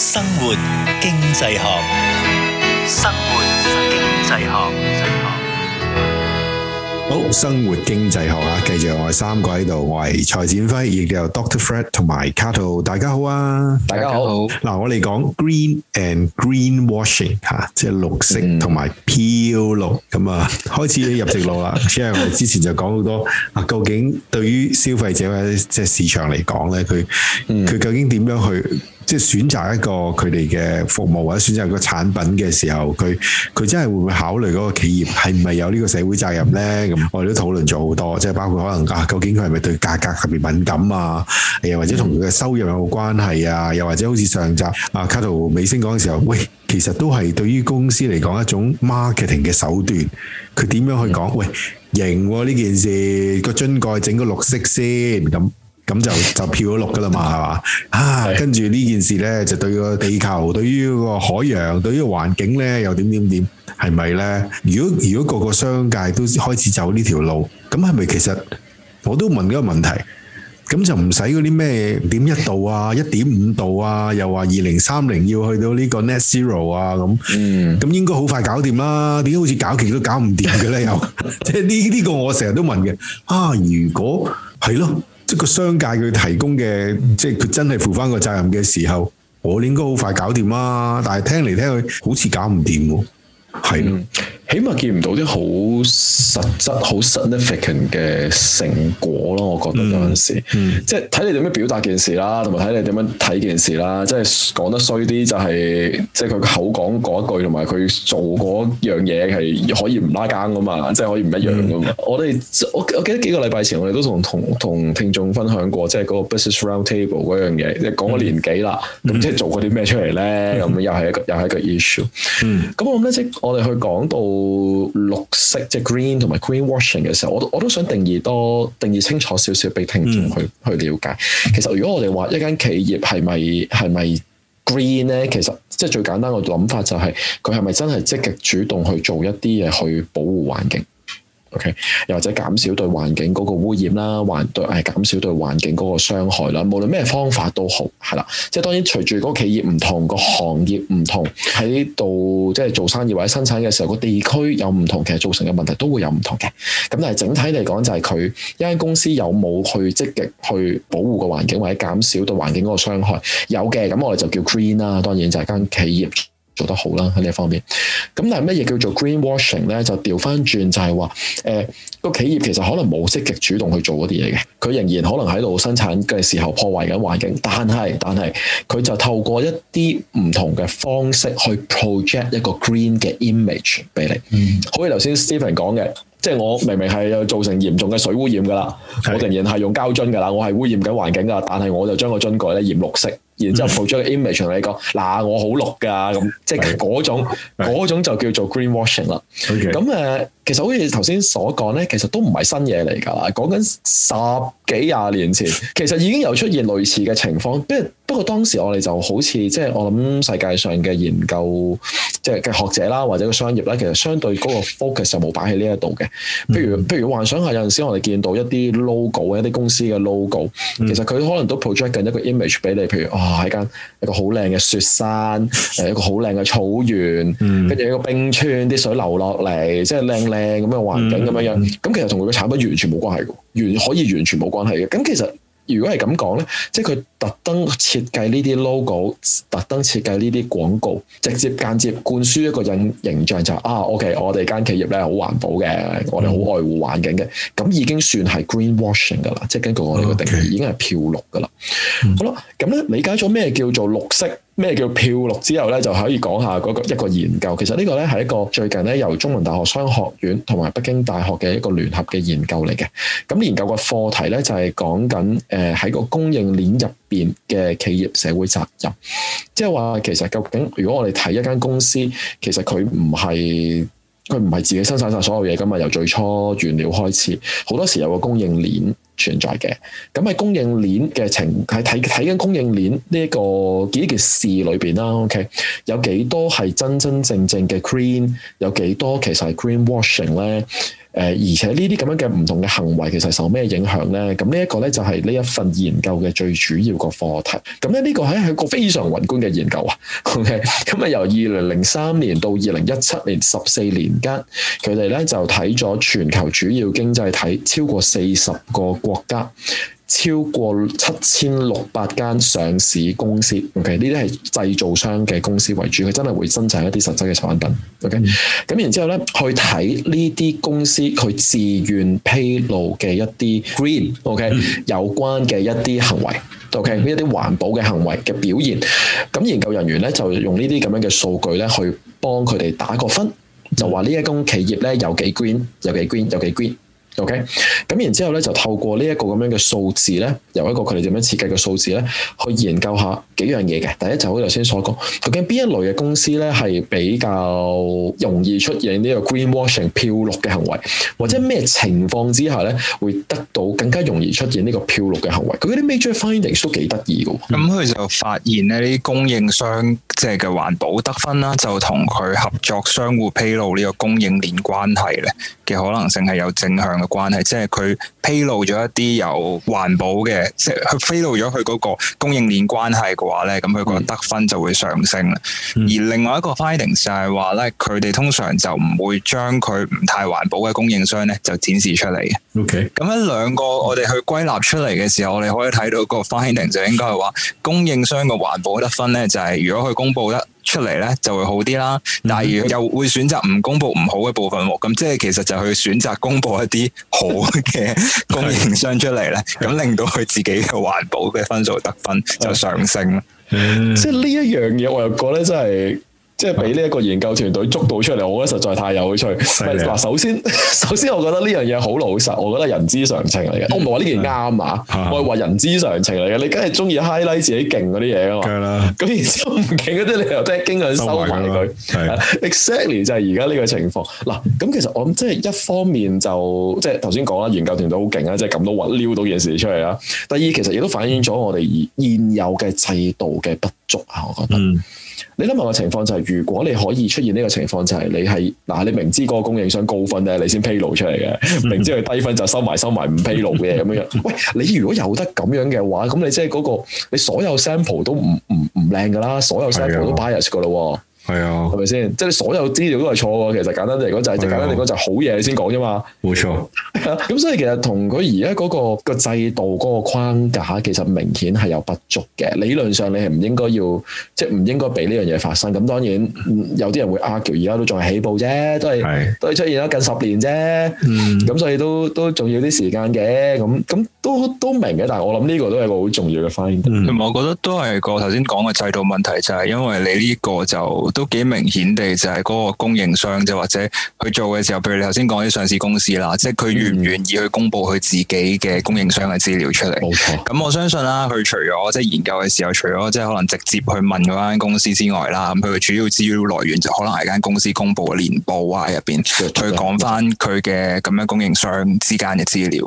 生活經濟學，生活經濟學，好，生活經濟學啊！繼續我哋三個喺度，我係蔡展輝，亦都有 Doctor Fred 同埋 Cattle，大家好啊！大家好。嗱，我哋講 Green and Greenwashing 吓、啊，即係綠色同埋漂綠咁、嗯、啊！開始入直路啦，因 為我哋之前就講好多啊，究竟對於消費者或者即係市場嚟講咧，佢佢、嗯、究竟點樣去？即係選擇一個佢哋嘅服務或者選擇一個產品嘅時候，佢佢真係會唔會考慮嗰個企業係唔係有呢個社會責任呢？咁我哋都討論咗好多，即係包括可能啊，究竟佢係咪對價格特別敏感啊？又或者同佢嘅收入有冇關係啊？又或者好似上集啊，卡圖尾聲講嘅時候，喂，其實都係對於公司嚟講一種 marketing 嘅手段，佢點樣去講？喂，型呢、啊、件事個樽蓋整個綠色先咁。咁就就漂咗綠噶啦嘛，係嘛？啊，的跟住呢件事呢，就對個地球，對於個海、海洋，對於個環境呢，又點點點，係咪呢？如果如果個個商界都開始走呢條路，咁係咪其實我都問一個問題？咁就唔使嗰啲咩點一度啊，一點五度啊，又話二零三零要去到呢個 net zero 啊，咁，嗯，咁應該好快搞掂啦。點解好似搞極都搞唔掂嘅呢？又即係呢呢個我成日都問嘅。啊，如果係咯。即係個商界佢提供嘅，即係佢真係負翻個責任嘅時候，我哋應該好快搞掂啊！但係聽嚟聽去，好似搞唔掂喎，係、嗯。起碼見唔到啲好實質、好 significant 嘅成果咯，我覺得有陣時，嗯、即係睇你點樣表達件事啦，同埋睇你點樣睇件事啦。即係講得衰啲、就係，就係即係佢口講嗰句，同埋佢做嗰樣嘢係可以唔拉更㗎嘛？即係可以唔一樣㗎嘛？我哋我我記得幾個禮拜前我，我哋都同同同聽眾分享過，即係嗰個 business round table 嗰樣嘢，即係講個年紀啦，咁、嗯、即係做過啲咩出嚟咧？咁、嗯、又係一個又係一,一個 issue。咁我諗呢即係我哋去講到。到綠色即係、就是、green 同埋 green washing 嘅時候，我我都想定義多定義清楚少少俾聽眾去去了解。其實如果我哋話一間企業係咪係咪 green 咧，其實即係最簡單嘅諗法就係佢係咪真係積極主動去做一啲嘢去保護環境。OK，又或者減少對環境嗰個污染啦，環對誒減少對環境嗰個傷害啦，無論咩方法都好，係啦。即係當然，隨住個企業唔同，個行業唔同，喺度即係做生意或者生產嘅時候，個地區有唔同，其實造成嘅問題都會有唔同嘅。咁但係整體嚟講，就係佢一間公司有冇去積極去保護個環境或者減少對環境嗰個傷害，有嘅。咁我哋就叫 green 啦。當然就係間企業做得好啦喺呢一方面。咁但係乜嘢叫做 greenwashing 咧？就調翻轉就係話，誒、呃、個企業其實可能冇積極主動去做嗰啲嘢嘅，佢仍然可能喺度生產嘅時候破壞緊環境，但係但係佢就透過一啲唔同嘅方式去 project 一個 green 嘅 image 俾你。嗯、好似頭先 Stephen 講嘅，即係我明明係造成嚴重嘅水污染噶啦，Okay. 我仍然係用膠樽噶啦，我係污染緊環境噶，但係我就將個樽蓋咧染綠色。然之後附咗個 image 同你講，嗱，我好綠㗎，咁即係嗰種嗰 種就叫做 greenwashing 啦。咁誒 Okay.，其實好似頭先所講咧，其實都唔係新嘢嚟㗎，講緊十幾廿年前，其實已經有出現類似嘅情況。即係不過當時我哋就好似即係我諗世界上嘅研究，即係嘅學者啦，或者個商業啦，其實相對嗰個 focus 就冇擺喺呢一度嘅。譬如譬如幻想下，有陣時我哋見到一啲 logo，一啲公司嘅 logo、嗯、其實佢可能都 project 緊一個 image 俾你。譬如啊，喺、哦、間一個好靚嘅雪山，誒一個好靚嘅草原，跟住、嗯、一個冰川，啲水流落嚟，即係靚靚咁嘅環境咁樣樣。咁、嗯嗯、其實同佢嘅產品完全冇關係。完可以完全冇關係嘅，咁其實如果係咁講咧，即係佢特登設計呢啲 logo，特登設計呢啲廣告，直接間接灌輸一個印形象就係嗯、啊，OK，我哋間企業咧好環保嘅，我哋好愛護環境嘅，咁、嗯、已經算係 green washing 噶啦，即係、嗯、根據我哋嘅定義已經係漂綠噶啦。嗯、好啦，咁咧理解咗咩叫做綠色，咩叫漂綠之後咧，就可以講下嗰一個研究。其實呢個咧係一個最近咧由中文大學商學院同埋北京大學嘅一個聯合嘅研究嚟嘅。咁研究個課題咧就係講緊誒喺個供應鏈入邊嘅企業社會責任。即係話其實究竟如果我哋睇一間公司，其實佢唔係佢唔係自己生產晒所有嘢噶嘛？由最初原料開始，好多時有個供應鏈。存在嘅，咁喺供應鏈嘅情，喺睇睇緊供應鏈呢一個幾件事裏邊啦，OK，有幾多係真真正正嘅 green，有幾多其實係 green washing 咧？而且呢啲咁樣嘅唔同嘅行為，其實受咩影響呢？咁呢一個呢，就係呢一份研究嘅最主要個課題。咁咧呢個係係個非常宏觀嘅研究啊。OK，咁啊由二零零三年到二零一七年十四年間，佢哋呢就睇咗全球主要經濟體超過四十個國家。超過七千六百間上市公司，OK，呢啲係製造商嘅公司為主，佢真係會生產一啲實質嘅產品，OK。咁然之後咧，去睇呢啲公司佢自願披露嘅一啲 green，OK，、okay? 有關嘅一啲行為，OK，一啲環保嘅行為嘅表現。咁研究人員咧就用這這呢啲咁樣嘅數據咧，去幫佢哋打個分，就話呢一間企業咧有幾 green，有幾 green，有幾 green。OK，咁然之後咧，就透過呢一個咁樣嘅數字咧，由一個佢哋點樣設計嘅數字咧，去研究下幾樣嘢嘅。第一就好似頭先所講，究竟邊一類嘅公司咧，係比較容易出現呢個 greenwashing 漂綠嘅行為，或者咩情況之下咧，會得到更加容易出現呢個漂綠嘅行為？咁佢啲 major finding 都幾得意嘅喎。咁佢、嗯、就發現呢啲供應商。即係嘅環保得分啦，就同佢合作商戶披露呢個供應鏈關係咧嘅可能性係有正向嘅關係，即係佢披露咗一啲有環保嘅，即係佢披露咗佢嗰個供應鏈關係嘅話咧，咁佢個得分就會上升啦。而另外一個 finding 就係話咧，佢哋通常就唔會將佢唔太環保嘅供應商咧就展示出嚟嘅。OK，咁樣兩個我哋去歸納出嚟嘅時候，我哋可以睇到個 finding 就應該係話供應商嘅環保得分咧，就是，就係如果佢供公布得出嚟咧就會好啲啦，但係又會選擇唔公布唔好嘅部分，咁即係其實就去選擇公布一啲好嘅供應商出嚟咧，咁 令到佢自己嘅環保嘅分數得分就上升咯。即係呢一樣嘢，我又覺得真係。即係俾呢一個研究團隊捉到出嚟，我覺得實在太有趣。嗱的首先，首先，我覺得呢樣嘢好老實，我覺得人之常情嚟嘅。的我唔話呢件啱啊，的我係話人之常情嚟嘅。你梗係中意 highlight 自己勁嗰啲嘢啊嘛。咁然之後唔勁嗰啲，你又得經常收埋佢。exactly 就係而家呢個情況。嗱的，咁其實我諗即係一方面就即係頭先講啦，研究團隊好勁啊，即係咁都搵撩到件事出嚟啦。第二，其實亦都反映咗我哋現有嘅制度嘅不足啊。我覺得。嗯你諗下個情況就係、是，如果你可以出現呢個情況就係、是，你係嗱你明知個供應商高分咧，你先披露出嚟嘅；明知佢低分就收埋收埋唔披露嘅咁樣。喂，你如果有得咁樣嘅話，咁你即係嗰、那個你所有 sample 都唔唔唔靚噶啦，所有 sample 都 bias 噶啦。係啊，係咪先？即 係、就是，你所有資料都係錯嘅。其實簡單啲嚟講就係，即係簡單嚟講就係好嘢，你先講啫嘛。冇錯錯，咁 所以其實同佢而家嗰個個制度嗰、那個框架，其實明顯係有不足嘅。理論上你係唔應該要，即係唔應該俾呢樣嘢發生。咁當然有啲人會，阿喬而家都仲係起步啫，都係是都係出現咗近十年啫。咁、嗯、所以都都仲要啲時間嘅。咁咁都都明嘅，但係我諗呢個都係個好重要嘅反應。唔係、嗯，我覺得都係個頭先講嘅制度問題，就係、是，因為你呢個就。都幾明顯地就係嗰個供應商，就或者去做嘅時候，譬如你頭先講啲上市公司啦，嗯、即係佢願唔願意去公布佢自己嘅供應商嘅資料出嚟。冇錯。咁我相信啦，佢除咗即係研究嘅時候，除咗即係可能直接去問嗰間公司之外啦，咁佢嘅主要資料來源就可能係間公司公布嘅年報啊入邊，佢講翻佢嘅咁樣供應商之間嘅資料。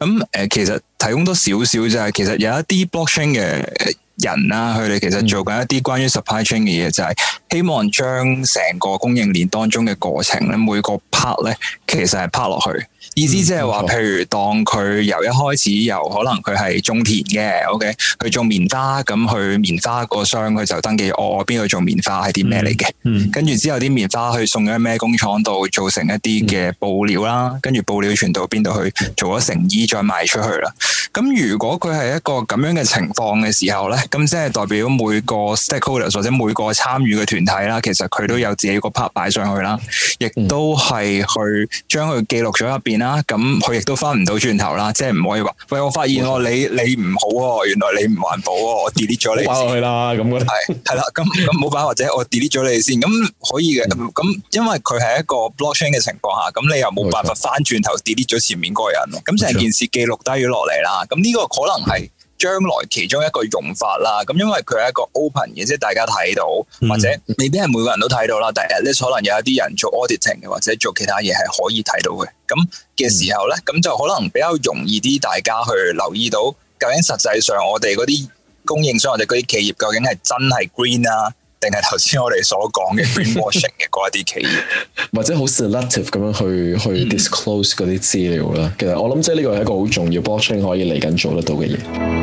咁誒、呃，其實提供多少少就係、係、其實有一啲 blockchain 嘅。人啦，佢哋其實做緊一啲關於 supply chain 嘅嘢，嗯、就係希望將成個供應鏈當中嘅過程咧，每個 part 咧，其實係 part 落去。意思即係話，嗯嗯、譬如當佢由一開始由可能佢係種田嘅，OK，佢種棉花，咁去棉花個箱，佢就登記我我邊度種棉花係啲咩嚟嘅，嗯嗯、跟住之後啲棉花去送咗咩工廠度做成一啲嘅布料啦，嗯、跟住布料傳到邊度去做咗成衣，再賣出去啦。咁如果佢係一個咁樣嘅情況嘅時候咧，咁即係代表每個 stakeholders 或者每個參與嘅團體啦，其實佢都有自己個 part 擺上去啦，亦都係去將佢記錄咗入邊啦。咁佢亦都翻唔到轉頭啦，即係唔可以話喂，我發現喎，你你唔好喎、啊，原來你唔環保喎、啊，我 delete 咗你。翻去啦，咁樣。係係啦，咁咁冇辦法或者我 delete 咗你先。咁 可以嘅，咁因為佢係一個 blockchain 嘅情況下，咁你又冇辦法翻轉頭 delete 咗前面嗰個人。咁成件事記錄低咗落嚟啦。咁呢個可能係將來其中一個用法啦，咁因為佢係一個 open 嘅，即係大家睇到，或者未必係每個人都睇到啦。但係 at least，可能有一啲人做 auditing 嘅，或者做其他嘢係可以睇到嘅。咁嘅時候咧，咁就可能比較容易啲，大家去留意到究竟實際上我哋嗰啲供應商，我哋嗰啲企業究竟係真係 green 啊？定係頭先我哋所講嘅 r e m o t i o n 嘅嗰一啲企業， 或者好 selective 咁樣去、嗯、去 disclose 嗰啲資料啦。其實我諗即係呢個係一個好重要嘅 blockchain 可以嚟緊做得到嘅嘢。